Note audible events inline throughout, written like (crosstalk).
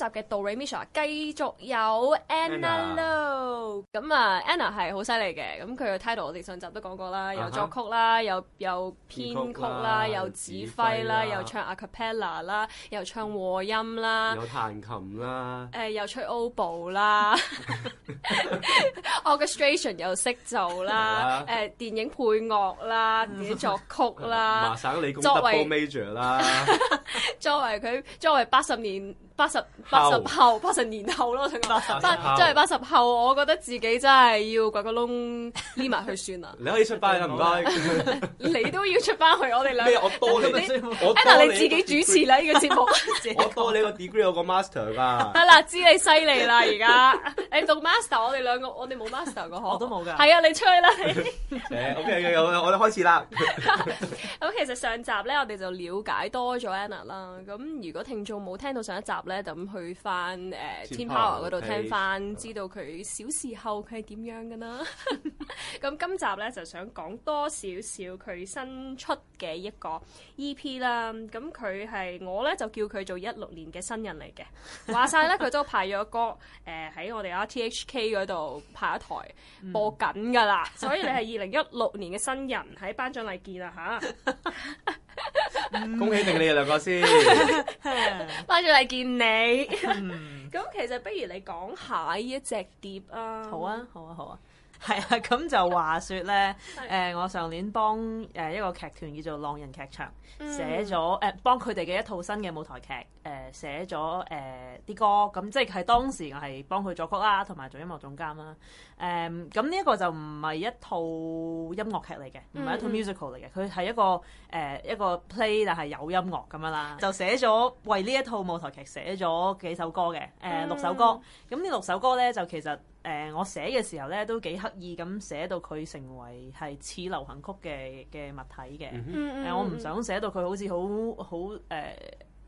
集嘅杜瑞米莎繼續有 Anna Lo 咯，咁啊 Anna 係好犀利嘅，咁佢嘅 title 我哋上集都講過啦，又作曲啦，又又編曲啦，又指揮啦，又唱 acapella 啦，又唱和音啦，又彈琴啦，誒又吹 oboe 啦，orchestration 又識做啦，誒，電影配樂啦，自己作曲啦，麻省理工 double major 啦，作為佢作為八十年。八十八十後八十年後咯，八十即係八十後，我覺得自己真係要掘個窿匿埋去算啦。你可以出翻去啊唔該，你都要出翻去，我哋兩咩啊？我多你，Anna 你自己主持啦呢個節目。我多你個 degree 有個 master 㗎。得啦，知你犀利啦而家，你讀 master，我哋兩個我哋冇 master 嘅嗬。我都冇㗎。係啊，你吹啦。OK，我哋開始啦。咁其實上集咧，我哋就了解多咗 Anna 啦。咁如果聽眾冇聽到上一集，咧就咁去翻誒，Teampower 嗰度聽翻，知道佢小時候佢係點樣嘅啦。咁今集咧就想講多少少佢新出嘅一個 EP 啦。咁佢係我咧就叫佢做一六年嘅新人嚟嘅。 (laughs) 話晒咧佢都派咗歌誒，喺我哋 RTHK 嗰度派一台、嗯、播緊㗎啦。所以你係二零一六年嘅新人，喺頒獎禮見啦嚇。 (laughs) 恭喜定你啊，梁個先，翻咗嚟見你。咁 (laughs) 其實不如你講下呢一隻碟啊。好啊，好啊，好啊。係 (laughs) 啊，咁就話說咧，誒、 (laughs) 啊呃，我上年幫誒一個劇團叫做浪人劇場寫咗誒，幫佢哋嘅一套新嘅舞台劇誒寫咗誒啲歌。咁、呃、即係當時我係幫佢作曲啦、啊，同埋做音樂總監啦、啊。誒咁呢一個就唔係一套音樂劇嚟嘅，唔係一套 musical 嚟嘅。佢係一個誒一個 play，但係有音樂咁樣啦。就寫咗為呢一套舞台劇寫咗幾首歌嘅誒、呃、六首歌。咁呢、嗯嗯、六首歌呢，就其實誒、呃、我寫嘅時候呢，都幾刻意咁寫到佢成為係似流行曲嘅嘅物體嘅、嗯哼呃。我唔想寫到佢好似好好誒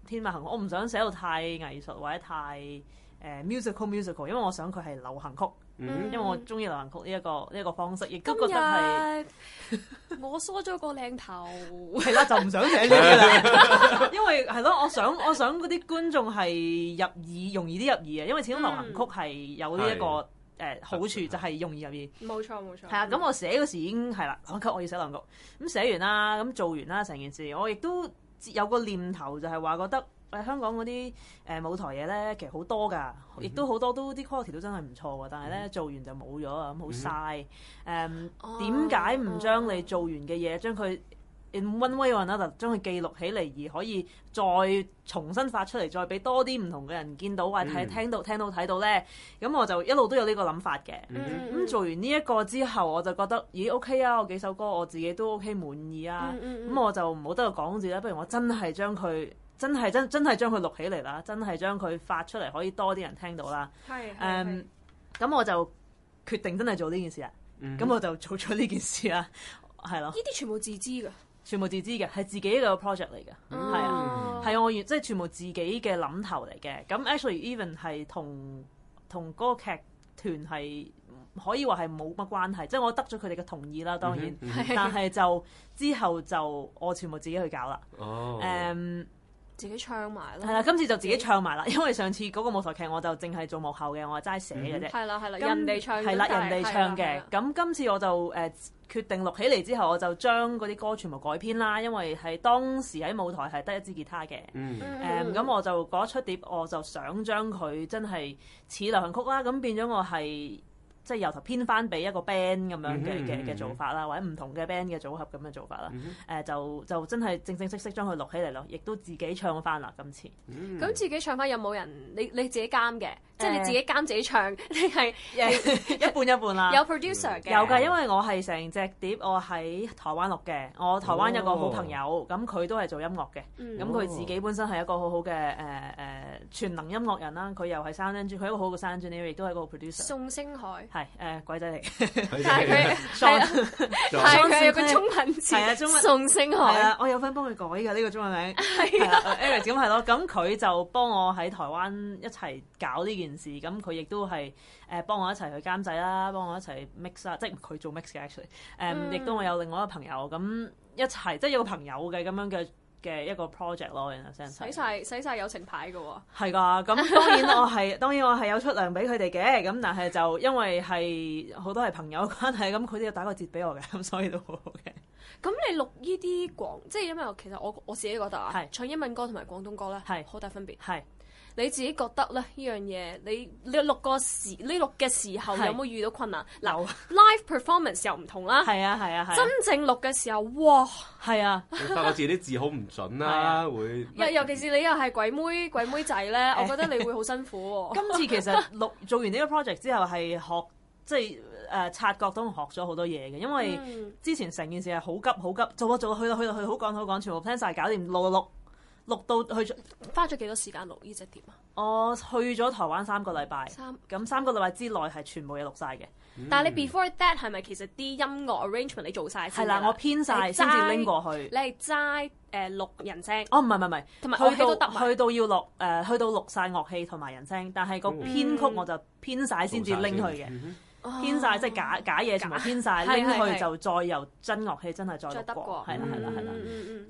天馬行空，我唔想寫到太藝術或者太誒、呃、musical musical，因為我想佢係流行曲。嗯、因為我中意流行曲呢、這、一個呢一、這個方式，亦都覺得係。今日我梳咗個靚頭，係啦，就唔想寫呢啲啦。 (laughs) 因為係咯，我想我想嗰啲觀眾係入耳容易啲入耳嘅，因為始終流行曲係有呢、這、一個誒、嗯呃、好處，就係、是、容易入耳。冇錯冇錯。係啊，咁我寫嗰時已經係啦，我覺得我要寫流行曲。咁寫完啦，咁做完啦，成件事我亦都有個念頭就係話覺得。香港嗰啲誒舞台嘢咧，其實好多㗎，亦都好多都啲 quality 都，都真係唔錯㗎，但係咧、嗯、做完就冇咗啊，咁好嘥誒。點解唔將你做完嘅嘢，oh. 將佢 in one way or another，將佢記錄起嚟，而可以再重新發出嚟，再俾多啲唔同嘅人見到或睇、嗯、聽到聽到睇到咧？咁我就一路都有呢個諗法嘅。咁、嗯嗯、做完呢一個之後，我就覺得咦 OK 啊，我幾首歌我自己都 OK 滿意啊。咁、嗯嗯、我就唔好得個講字啦，不如我真係將佢。真係真真係將佢錄起嚟啦，真係將佢發出嚟可以多啲人聽到啦。係係咁我就決定真係做呢件事啦！咁、mm hmm. 我就做咗呢件事啦，係咯。呢啲全部自資㗎，全部自資嘅係自己一個 project 嚟嘅，係、mm hmm. 啊，係我完即係全部自己嘅諗頭嚟嘅。咁 actually even 係同同嗰個劇團係可以話係冇乜關係，即、就、係、是、我得咗佢哋嘅同意啦。當然，mm hmm. 嗯、但係就 (laughs) 之後就我全部自己去搞啦。哦，誒。自己唱埋咯，係啦，今次就自己唱埋啦，自己？因為上次嗰個舞台劇我就淨係做幕後嘅，我係齋寫嘅啫。係啦係啦，人哋唱，係啦人哋唱嘅，咁今次我就誒、呃、決定錄起嚟之後，我就將嗰啲歌全部改編啦，因為係當時喺舞台係得一支吉他嘅。Mm hmm. 嗯咁、嗯嗯、我就一出碟我就想將佢真係似流行曲啦，咁變咗我係。即係由頭編翻俾一個 band 咁樣嘅嘅嘅做法啦，mm hmm. 或者唔同嘅 band 嘅組合咁嘅做法啦。誒、mm hmm. 呃、就就真係正正式式將佢錄起嚟咯，亦都自己唱翻啦今次。咁、mm hmm. 自己唱翻有冇人？你你自己監嘅？即係你自己監自己唱，你係一半一半啦。有 producer 嘅，有㗎，因為我係成隻碟我喺台灣錄嘅，我台灣有一個好朋友，咁佢都係做音樂嘅，咁佢自己本身係一個好好嘅誒誒全能音樂人啦，佢又係 sound engineer，佢一個好好嘅 sound engineer，佢亦都係一個 producer。宋星海係誒鬼仔嚟，但係佢佢，啊，係佢有個中文字係啊，宋星海。我有份幫佢改依個呢個中文名，係啊，Eric 咁係咯，咁佢就幫我喺台灣一齊搞呢件事，咁佢亦都係誒幫我一齊去監製啦，幫我一齊 mix 即係佢做 mix 嘅 actually，誒亦、嗯嗯、都我有另外一個朋友咁一齊，即係有個朋友嘅咁樣嘅嘅一個 project 咯，然後 send 晒洗晒洗晒友情牌嘅喎，係噶，咁當然我係 (laughs) 當然我係有出糧俾佢哋嘅，咁但係就因為係好多係朋友關係，咁佢哋要打個折俾我嘅，咁所以都好好嘅。咁你錄呢啲廣，即係因為其實我我自己覺得啊，是唱英文歌同埋廣東歌咧係好大分別係。你自己覺得咧呢樣嘢，你你錄個時，你錄嘅時候有冇遇到困難？嗱的劉 (noise) ，live performance 又唔同啦。係啊係啊係。真正錄嘅時候，哇，係啊的。發覺自己啲字好唔準啊。的會。尤其是你又係鬼妹鬼妹仔咧，欸、我覺得你會好辛苦喎、啊。 (laughs) 今次其實錄做完呢個 project 之後，係學即係誒，察覺到學咗好多嘢嘅，因為之前成件事係好急好急，做啊做啊去啊去啊去，好講好講，Miller，全部聽晒，搞掂，錄啊錄。錄到去錄咗，花咗幾多時間錄呢隻碟啊？我去咗台灣三個禮拜，咁三個禮拜之內係全部嘢錄晒嘅。嗯、但係你 before that 係咪其實啲音樂 arrangement 你做晒先？係啦，我編晒先至拎過去。你係齋誒錄人聲？哦，唔係唔係唔係，去到去到要錄誒，去到錄晒樂器同埋人聲，但係個編曲我就編晒先至拎去嘅。嗯編晒，即係假假嘢，全部編晒拎去就再由真樂器真係再錄過。係啦係啦係啦，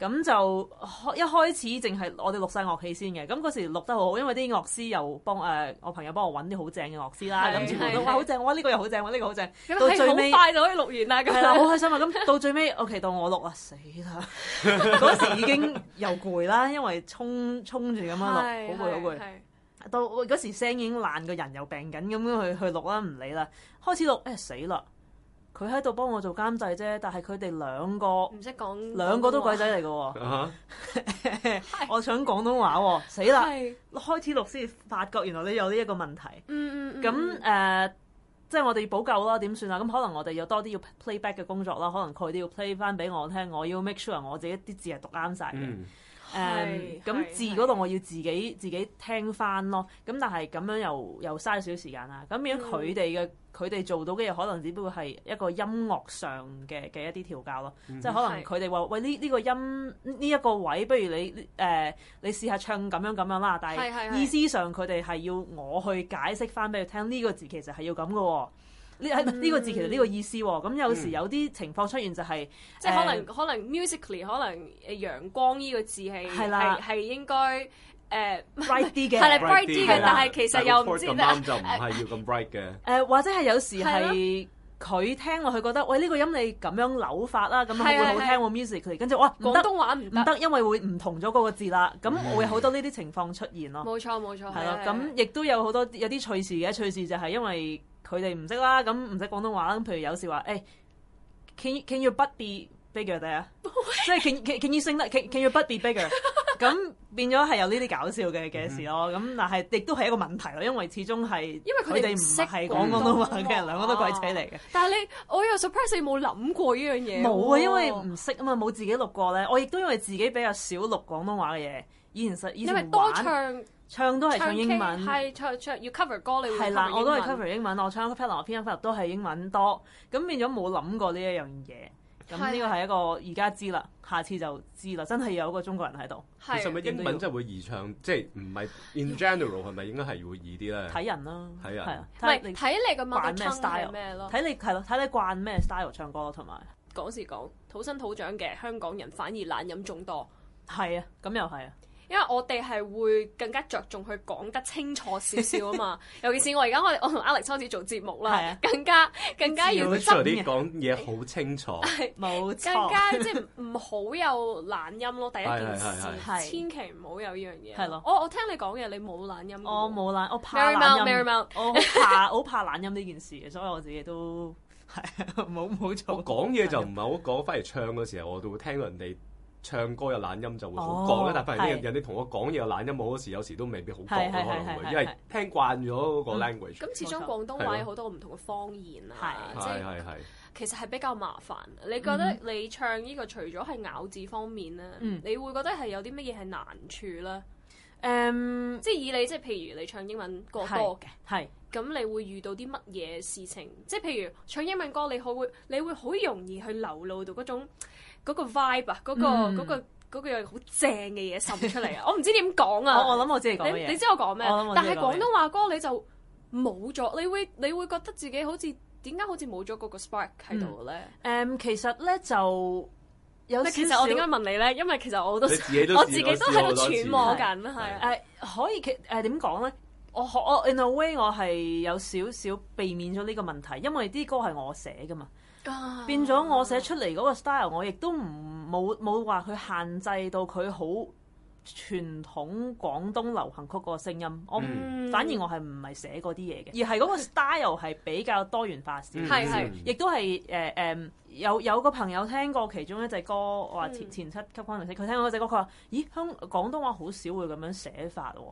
咁就一開始淨係我哋錄晒樂器先嘅，咁嗰時錄得好好，因為啲樂師又幫誒我朋友幫我揾啲好正嘅樂師啦，咁全部都話好正，我呢個又好正，我呢個好正，到最尾好快就可以錄完啦，咁啦，好開心啊，咁到最尾我期待我錄啊，死啦，嗰時已經又攰啦，因為衝衝住咁樣錄好攰好攰。到嗰時聲音已經爛，個人又病緊，咁樣去去錄啦，唔理啦。開始錄，哎死啦！佢喺度幫我做監製啫，但係佢哋兩個唔識講，兩個都鬼仔嚟嘅喎。我想講廣東話喎、哦，死啦！Hi. 開始錄先發覺，原來你有呢一個問題。嗯咁誒，即、呃、係、就是、我哋要補救啦，點算啊？咁可能我哋有多啲要 play back 嘅工作啦，可能佢都要 play 翻俾我聽，我要 make sure 我自己啲字係讀啱晒嘅。Mm. 誒，咁、um, 字嗰度我要自己自己聽翻咯，咁但係咁樣又又嘥少少時間啦。咁如果佢哋嘅佢哋做到嘅，嘢可能只不過係一個音樂上嘅嘅一啲調教咯，嗯、即係可能佢哋話喂呢呢、呢個音呢一、呢個位，不如你誒、呃、你試下唱咁樣咁樣啦。但係意思上佢哋係要我去解釋翻俾佢聽，呢、呢個字其實係要咁嘅喎。呢個字其實呢個意思喎，咁有時有啲情況出現就係，即係可能可能 musically 可能陽光呢個字係係係應該誒 bright 啲嘅係啦 bright 啲嘅，但係其實又唔知就唔係要咁 bright 嘅誒，或者係有時係佢聽落佢覺得喂呢個音你咁樣扭法啦，咁係會好聽喎 musically，跟住哇，廣東話唔得，因為會唔同咗嗰個字啦，咁會好多呢啲情況出現咯。冇錯冇錯，係咯，咁亦都有好多有啲趣事嘅趣事就係因為。佢哋唔識啦，咁唔識廣東話啦。譬如有時話，誒、hey, can, can, (laughs) ，can can you be bigger？啊，即係 can can you sing 得 can can you be bigger？咁 (laughs) 變咗係有呢啲搞笑嘅嘅事咯。咁、嗯嗯、但係亦都係一個問題咯，因為始終係佢哋唔係講廣東話嘅人，兩個都鬼仔嚟嘅。但係你我又 surprise 你冇諗過呢樣嘢？冇啊，因為唔識啊嘛，冇自己錄過咧。我亦都因為自己比較少錄廣東話嘅嘢，以前實以前玩。唱都係唱英文唱，係唱唱要 cover 歌你會翻啦，文我都係 cover 英文，我唱 cover，我偏翻都係英文多，咁變咗冇諗過呢一樣嘢。咁呢個係一個而家知啦，下次就知啦，真係有個中國人喺度。其實咪英文真係會易唱，即係唔係 in general 係咪應該係會易啲咧？睇 (laughs) 人啦、呃，係啊人，唔係睇你個乜乜 style，睇你係咯，睇你，你慣咩 style 唱歌同埋。講時講，土生土長嘅香港人反而懶音眾多。係啊，咁又係啊。因為我哋係會更加着重去講得清楚少少啊嘛，尤其是我而家我我同 Alex 開始做節目啦，更加更加要啲嘅。講嘢好清楚，冇更加即係唔好有懶音咯，第一件事千祈唔好有呢樣嘢。係咯，我我聽你講嘢，你冇懶音。我冇懶，我怕懶音。我怕好怕懶音呢件事嘅，所以我自己都係冇冇錯。講嘢就唔係好講，翻嚟唱嘅時候我都會聽到人哋。唱歌有懶音就會好講咧，但係反啲人啲同我講嘢有懶音，我嗰時有時都未必好講嘅，可能會，因為聽慣咗嗰個 language。咁始終廣東話有好多唔同嘅方言啊，即係其實係比較麻煩。你覺得你唱呢個除咗係咬字方面咧，你會覺得係有啲乜嘢係難處咧？誒，即係以你即係譬如你唱英文歌嘅，係咁你會遇到啲乜嘢事情？即係譬如唱英文歌，你好會你會好容易去流露到嗰種。嗰個 vibe 個 (laughs) 啊，嗰個嗰個嗰個有好正嘅嘢滲出嚟啊！我唔知點講啊，我我諗我自己講你知我，我，我知你講咩？但係廣東話歌你就冇咗，你會你會覺得自己好似點解好似冇咗嗰個 spark 喺度咧？誒、嗯嗯，其實咧就有少少其實我點解問你咧？因為其實我都，自都 (laughs) 我自己都喺度揣摩緊，係誒是、uh, 可以誒點講咧？我我 in a way 我係有少少避免咗呢個問題，因為啲歌係我寫噶嘛。Oh. 變咗我寫出嚟嗰個 style，我亦都唔冇冇話佢限制到佢好傳統廣東流行曲個聲音。我、mm. 反而我係唔係寫嗰啲嘢嘅，而係嗰個 style 係比較多元化少少，亦都係誒誒。有有個朋友聽過其中一隻歌，我話前、嗯、前，前七級分明星，佢聽過嗰隻歌，佢話：咦，香廣東話好少會咁樣寫法喎，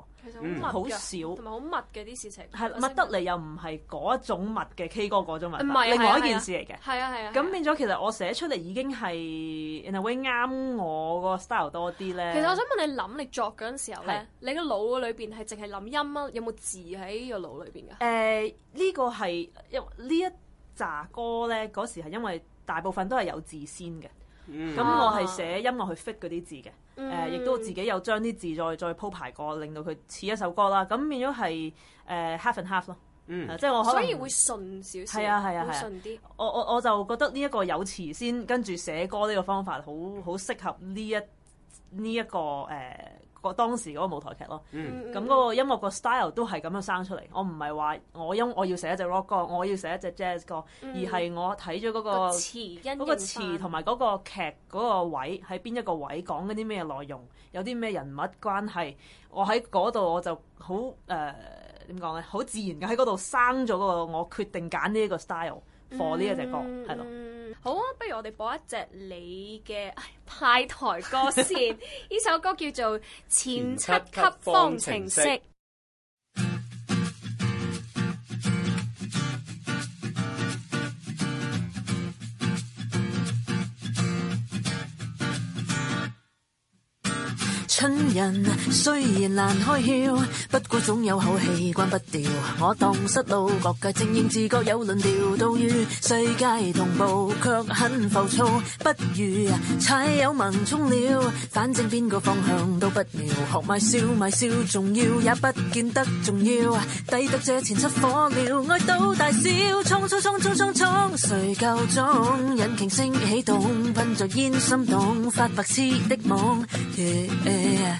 好、嗯、少同埋好密嘅啲事情，係密是得嚟又唔係嗰一種密嘅 K 歌嗰種密，是另外一件事嚟嘅。係啊係啊，咁、啊啊啊啊啊啊、變咗其實我寫出嚟已經係 anyway 啱我個 style 多啲咧。其實我想問你諗你，你作嗰陣時候咧，的你個腦裏邊係淨係諗音啊？有冇字喺、呃這個腦裏邊㗎？誒呢個係因呢一扎歌咧嗰時係因為。大部分都係有字先嘅，咁我係寫音樂去 fit 嗰啲字嘅，誒、呃、亦、嗯、都自己有將啲字再再鋪排過，令到佢似一首歌啦，咁變咗係誒 half and half 咯，嗯，即係我可以，所以會順少少，係啊係啊係，啊啊啊我我我就覺得呢一個有詞先跟住寫歌呢個方法，好好適合呢一呢一、呢個誒。呃個當時嗰個舞台劇咯，咁嗰、嗯嗯、個音樂個 style 都係咁樣生出嚟。我唔係話我音我要寫一隻 rock 歌，我要寫一隻 jazz 歌，嗯、而係我睇咗嗰個詞、嗰個詞同埋嗰個劇嗰個位喺邊一個位講緊啲咩內容，有啲咩人物關係。我喺嗰度我就好誒點講咧，好、呃、自然嘅喺嗰度生咗、嗰個我決定揀呢一個 style for 呢、嗯、一隻歌係、嗯、咯。好啊，不如我哋播一隻你嘅派台歌先，呢 (laughs) 首歌叫做《前七級方程式》。人雖然難開竅，不過總有口氣關不掉。我蕩失路，各界精英自各有論調，都與世界同步，卻很浮躁。不如踩油猛衝了，反正邊個方向都不妙。學埋笑賣笑重要，也不見得重要。抵得這前七火了，愛到大笑，衝衝衝衝衝衝，衝，誰夠鐘？引擎聲起動，噴着煙心動，發白痴的夢。Yeah, yeah,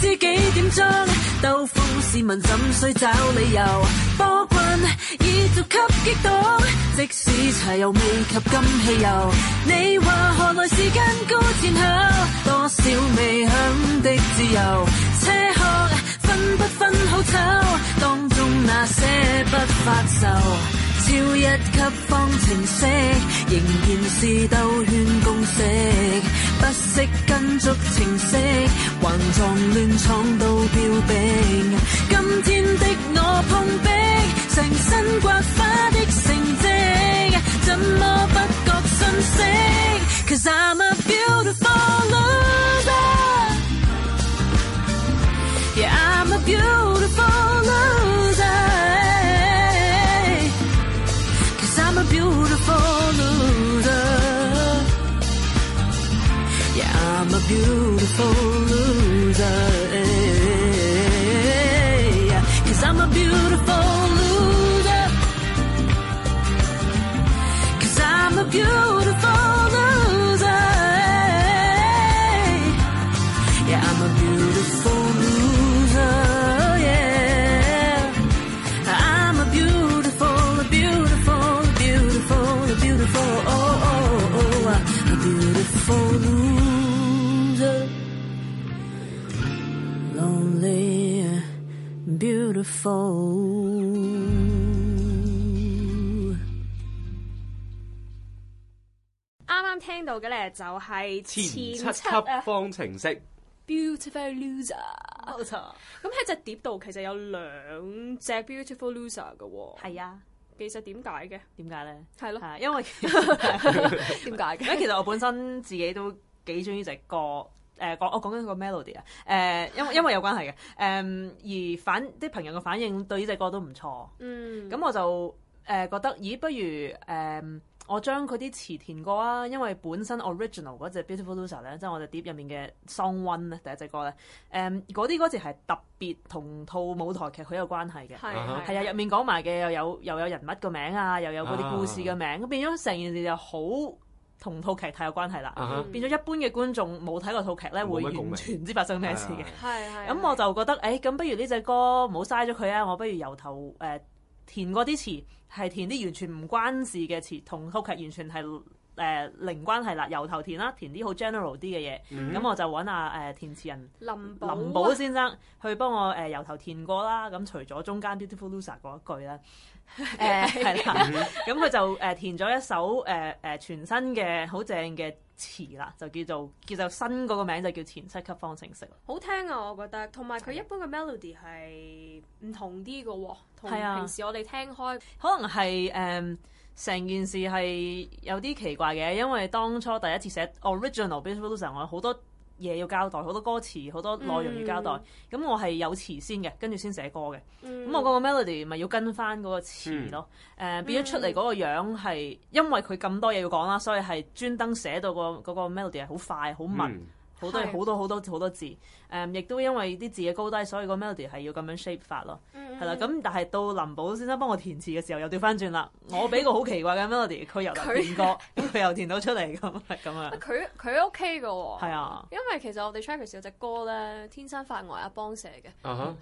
知幾點鐘？兜風市民怎需找理由？波棍已做給激動，即使柴油未及金汽油。你話何來時間高前後？多少未享的自由，車殼分不分好醜？當中那些不發愁，超人。一方程式仍然是兜圈公式，不惜跟足程式，橫撞亂闖到標柄。今天的我碰壁，成身刮花的成績，怎麼不覺信息？Cause I'm a beautiful loser。啱啱聽到嘅咧，就係前七、啊、前七級方程式 beautiful、er。Beautiful loser，冇錯。咁喺隻碟度其實有兩隻 beautiful loser 嘅喎，哦。係啊，其實點解嘅？點解咧？係咯了、啊，因為點解嘅？誒，其實我本身自己都幾中意隻歌。誒，我我、呃、講緊、哦、個 melody 啊，誒，因為因為有關係嘅，誒、呃，而反啲朋友嘅反應對呢隻歌都唔錯，嗯，咁、嗯、我就誒、呃、覺得，咦，不如誒、呃，我將佢啲詞填過啊，因為本身 original 嗰隻 Beautiful Loser 咧，即係我哋碟入面嘅 Song One 咧，第一隻歌咧，誒、呃，嗰啲嗰隻係特別同套舞台劇好有關係嘅，係係、嗯、啊，入、啊、面講埋嘅又有又有人物個名啊，又有嗰啲故事嘅名，啊啊、變咗成件事就好。同套劇太有關係啦，uh huh。變咗一般嘅觀眾冇睇過套劇咧，會完全唔知發生咩事嘅。係係。咁 (noise) 我就覺得，誒、欸，咁不如呢隻歌唔好嘥咗佢啊！我不如由頭誒、呃、填過啲詞，係填啲完全唔關事嘅詞，同套劇完全係誒、呃、零關係啦。由頭填啦，填啲好 general 啲嘅嘢。咁、嗯、我就揾下誒填詞人林寶 (noise) 林寶先生去幫我誒、呃、由頭填過啦。咁除咗中間 beautiful loser 嗰一句啦。誒，係啦，咁佢就誒填咗一首誒誒、呃、全新嘅好正嘅詞啦，就叫做叫做新嗰個名就叫前七級方程式，好聽啊，我覺得，同埋佢一般嘅 melody 係唔同啲嘅，同平時我哋聽開，啊、 (laughs) 可能係誒成件事係有啲奇怪嘅，因為當初第一次寫 original beautiful (laughs) song，我好多。嘢要交代，好多歌詞，好多內容要交代。咁、嗯、我係有詞先嘅，跟住先寫歌嘅。咁、嗯、我嗰個 melody 咪要跟翻嗰個詞咯。誒、嗯呃，變咗出嚟嗰個樣係，因為佢咁多嘢要講啦，所以係專登寫到、嗰個嗰、嗰個 melody 係好快好密。嗯好多好是、啊、多好多好多字，誒、嗯，亦都因為啲字嘅高低，所以個 melody 係要咁樣 shape 法咯，係啦、嗯嗯嗯啊。咁但係到林寶先生幫我填詞嘅時候，又調翻轉啦。我俾個好奇怪嘅 melody，佢又填 (laughs) 歌，佢又填到出嚟咁，咁啊、OK 哦。佢佢 OK 嘅喎，係啊。因為其實我哋 Trackers 有隻歌咧，天生髮外、呃、阿邦寫嘅，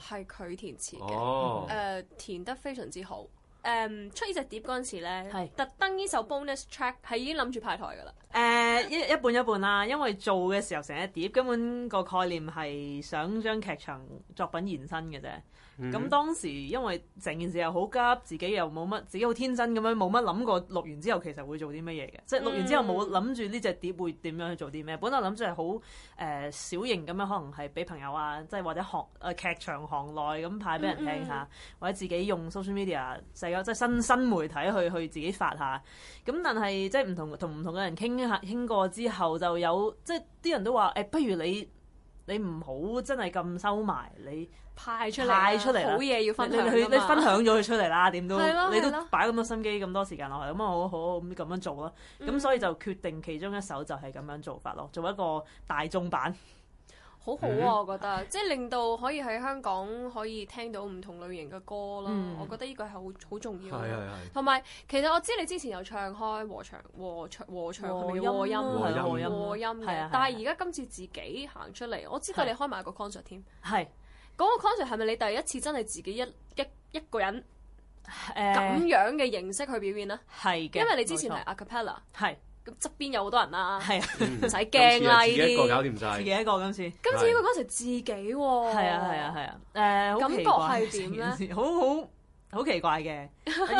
係佢、uh huh. 填詞嘅，誒、oh. uh, 填得非常之好。誒、um, 出隻呢隻碟嗰陣時咧，係特登呢首 bonus track 係已經諗住派台嘅啦。誒。Uh, 誒一一半一半啦，因為做嘅時候成一碟，根本個概念係想將劇場作品延伸嘅啫。咁當時因為成件事又好急，自己又冇乜，自己好天真咁樣冇乜諗過錄完之後其實會做啲乜嘢嘅，嗯、即係錄完之後冇諗住呢隻碟會點樣去做啲咩。本來諗住係好誒小型咁樣，可能係俾朋友啊，即係或者學誒、啊、劇場行內咁派俾人聽下，嗯嗯或者自己用 social media 社，社即係新新媒體去去自己發下。咁但係即係唔同同唔同嘅人傾下傾過之後就有，即係啲人都話誒、欸，不如你。你唔好真係咁收埋，你派出嚟，出嚟、啊、你好嘢要分享噶嘛。你，你分享咗佢出嚟啦，點都、啊、你都擺咁多心機、咁、啊、多時間落去，咁啊好好咁咁樣做咯。咁、嗯、所以就決定其中一首就係咁樣做法咯，做一個大眾版。好好啊，我覺得，即係令到可以喺香港可以聽到唔同類型嘅歌咯。我覺得呢個係好好重要嘅。係。同埋其實我知你之前有唱開和唱和唱和唱和音？和音。但係而家今次自己行出嚟，我知道你開埋個 concert 添。係。嗰個 concert 係咪你第一次真係自己一一一個人誒咁樣嘅形式去表演呢？係嘅。因為你之前係 a cappella。係。咁側邊有好多人啦，係啊，唔使驚啦呢啲。自己一個搞掂晒，自己一個今次。今次嗰陣時自己喎。係啊係啊係啊，誒感覺係點咧？好好好奇怪嘅，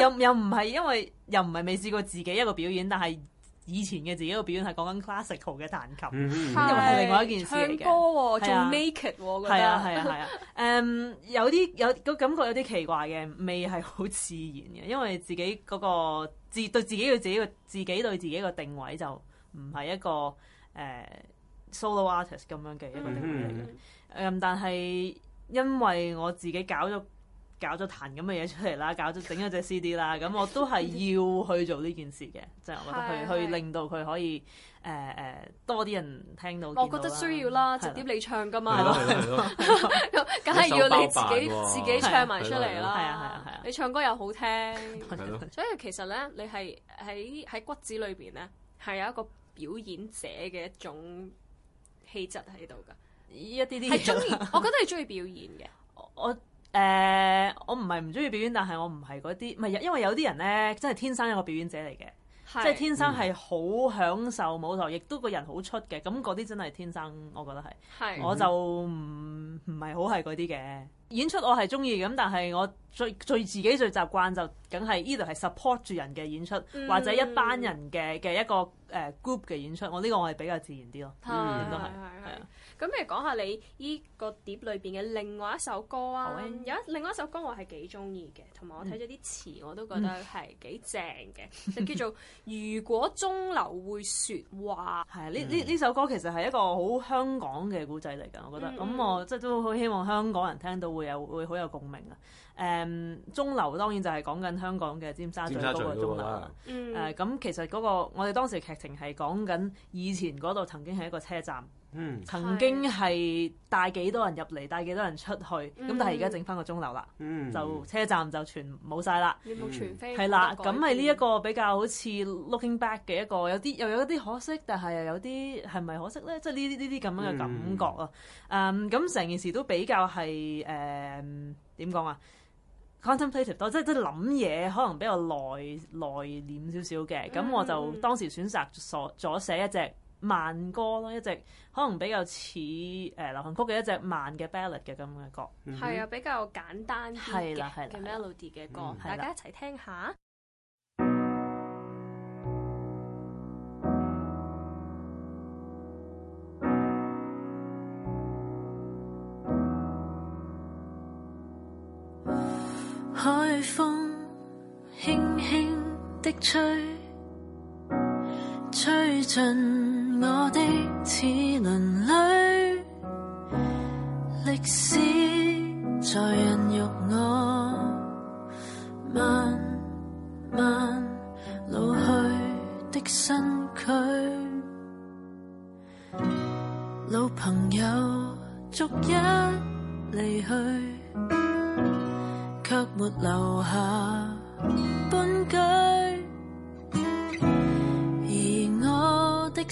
又又唔係因為又唔係未試過自己一個表演，但係以前嘅自己一個表演係講緊 classical 嘅彈琴，又係另外一件事嚟嘅。唱歌仲 make it，覺得係啊係啊係啊。誒有啲有個感覺有啲奇怪嘅，未係好自然嘅，因為自己嗰個。對自對自，自己對自己個自己對自己個定位就唔係一個誒、呃、solo artist 咁樣嘅一個定位嚟嘅，誒、嗯、但係因為我自己搞咗。搞咗彈咁嘅嘢出嚟啦，搞咗整咗隻 CD 啦，咁我都係要去做呢件事嘅，即係 (laughs) 我覺得 (laughs) 去去令到佢可以誒誒、呃、多啲人聽到。 (laughs) 我覺得需要啦，直接你唱噶嘛，係咯，梗係 (laughs) (laughs) 要你自己自己唱埋出嚟啦。係啊係啊係啊，你唱歌又好聽，所以其實咧，你係喺喺骨子裏邊咧，係有一個表演者嘅一種氣質喺度噶，一啲啲係中意，我覺得你中意表演嘅，我。我誒，uh, 我唔係唔中意表演，但係我唔係嗰啲，唔係因為有啲人咧，真係天生一個表演者嚟嘅，即係是天生係好享受舞台，亦都個人好出嘅，咁嗰啲真係天生，我覺得係，是我就唔唔係好係嗰啲嘅。演出我係中意咁，但係我最最自己最習慣就梗係呢度係 support 住人嘅演出，或者一班人嘅嘅一個誒 group 嘅演出。我呢個我係比較自然啲咯，咁都係係啊，咁不如講下你依個碟裏邊嘅另外一首歌啊，有另外一首歌我係幾中意嘅，同埋我睇咗啲詞我都覺得係幾正嘅，就叫做如果鐘樓會說話，係啊，呢呢呢首歌其實係一個好香港嘅古仔嚟㗎，我覺得。咁我即係都好希望香港人聽到。會有會好有共鳴啊！誒，鐘樓當然就係講緊香港嘅尖沙咀嗰沙個鐘樓。誒，咁其實嗰、嗰個我哋當時劇情係講緊以前嗰度曾經係一個車站。嗯、曾經係帶幾多人入嚟，帶幾多人出去，咁、嗯、但係而家整翻個鐘樓啦，嗯、就車站就全冇晒啦。你冇全飛？係啦、嗯，咁係呢一個比較好似 looking back 嘅一個，有啲又有啲可惜，但係又有啲係咪可惜咧？即係呢啲呢啲咁樣嘅感覺啊。誒、嗯，咁成、um, 件事都比較係誒點、uh, 講啊？contemplative 多，即係即係諗嘢可能比較內內斂少少嘅。咁、嗯、我就當時選擇咗左寫一隻。慢歌咯，一直可能比較似誒流行曲嘅一隻慢嘅 ballad 嘅咁嘅歌、嗯哼，係啊， (noise) 比較簡單啲嘅 melody 嘅歌，大家一齊聽下。進我的齒輪裏，歷史在孕育我，慢慢老去的身軀，老朋友逐一離去，卻沒留下半句。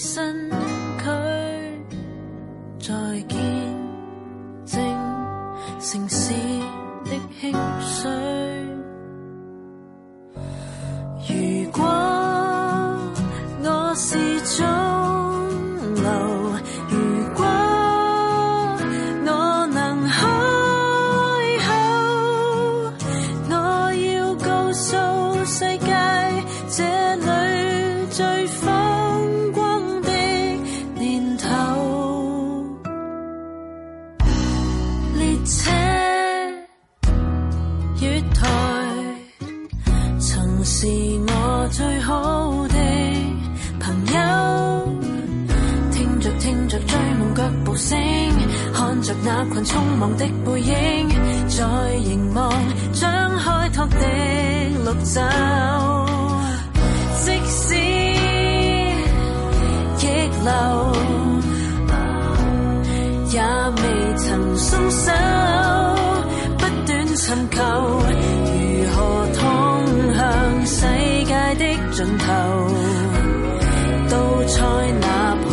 身軀在見證城市的興衰。着那群匆忙的背影，在凝望將開拓的綠洲，即使逆流，也未曾鬆手，不斷尋求如何通向世界的盡頭，都在那。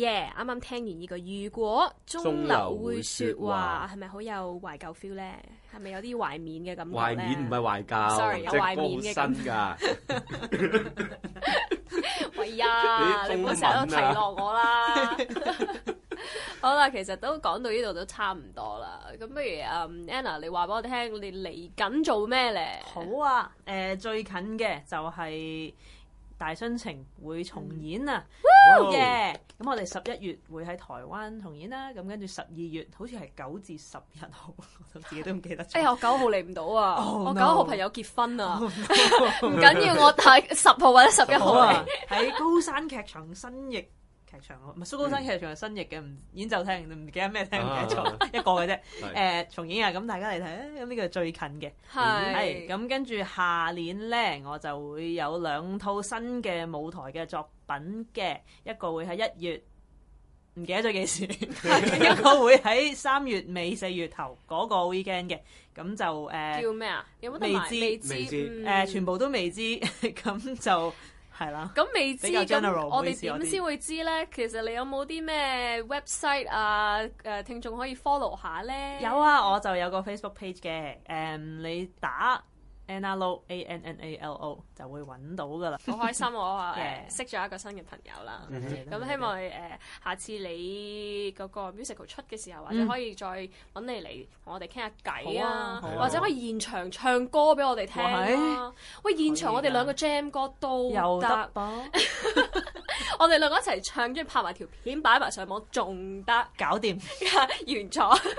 啱啱、yeah, 聽完呢、這個，如果鐘樓會說話，係咪好有懷舊 feel 咧？係咪有啲懷緬嘅感覺咧？懷緬唔係懷舊，sorry，有懷緬嘅新覺。喂、 (laughs) (laughs) (laughs) 哎、呀啊，你唔好成日都提落我啦。 (laughs) 好啦、啊，其實都講到呢度都差唔多啦。咁不如啊、um,，Anna，你話俾我聽，你嚟緊做咩咧？好啊，誒、呃，最近嘅就係、是。大新情會重演啊！嘅咁我哋十一月會喺台灣重演啦、啊，咁跟住十二月好似係九至十一號， (laughs) 我自己都唔記得咗。哎呀，九號嚟唔到啊！Oh, no. 我九號朋友結婚啊，唔、oh, no. (laughs) 緊要，我喺十號或者十一號喺高山劇場新翼。劇場咯，唔係蘇高山劇場係新譯嘅、嗯，演奏廳唔記得咩廳唔記得咗，啊、一個嘅啫。誒、 (laughs) 呃、重演啊，咁大家嚟睇啊，咁、這、呢個最近嘅係。咁跟住下年咧，我就會有兩套新嘅舞台嘅作品嘅，一個會喺一月，唔記得咗幾時， (laughs) (laughs) 一個會喺三月尾四月頭嗰、那個 weekend 嘅，咁就誒、呃、叫咩啊？有冇、未知未知，誒知、嗯呃、全部都未知，咁、 (laughs) 嗯、 (laughs) 就。係啦，咁未知咁，general，我哋點先會知呢？其實你有冇啲咩 website 啊？誒，聽眾可以 follow 下呢？有啊，我就有個 Facebook page 嘅，誒、um，你打。n a Lo A N N A L O 就會揾到㗎啦！好開心，我話誒 (laughs) Yeah. 識咗一個新嘅朋友啦！咁、mm hmm. 希望誒、呃、下次你嗰個 musical 出嘅時候，mm. 或者可以再揾你嚟同我哋傾下偈啊，啊啊或者可以現場唱歌俾我哋聽啊！喂，喂，現場我哋兩個 Jam 歌都有得噃～ (laughs) 我哋兩個一齊唱，跟住拍埋條片，擺埋上網，仲得搞掂完咗，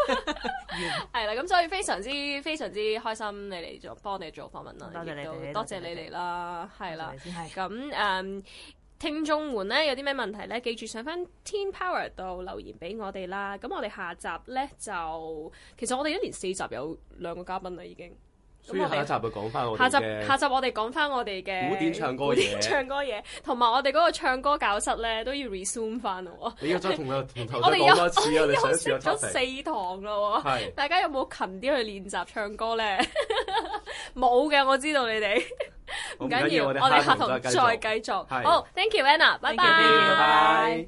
係啦。咁所以非常之非常之開心，你嚟做幫你做訪問啦，亦都多謝你嚟啦，係啦。咁誒，聽眾們咧有啲咩問題咧，記住上返 Teen Power 度留言俾我哋啦。咁我哋下集咧就其實我哋一年四集有兩個嘉賓啦，已經。所以下集就講翻我哋嘅。下集下集我哋講翻我哋嘅古典唱歌嘢，唱歌嘢，同埋我哋嗰個唱歌教室咧都要 resume 翻咯。你又再同佢同頭再講多次啊？你上一次上咗四堂啦，大家有冇勤啲去練習唱歌咧？冇嘅，我知道你哋唔緊要，我哋下集再繼續。好，thank you Anna，拜拜，拜拜。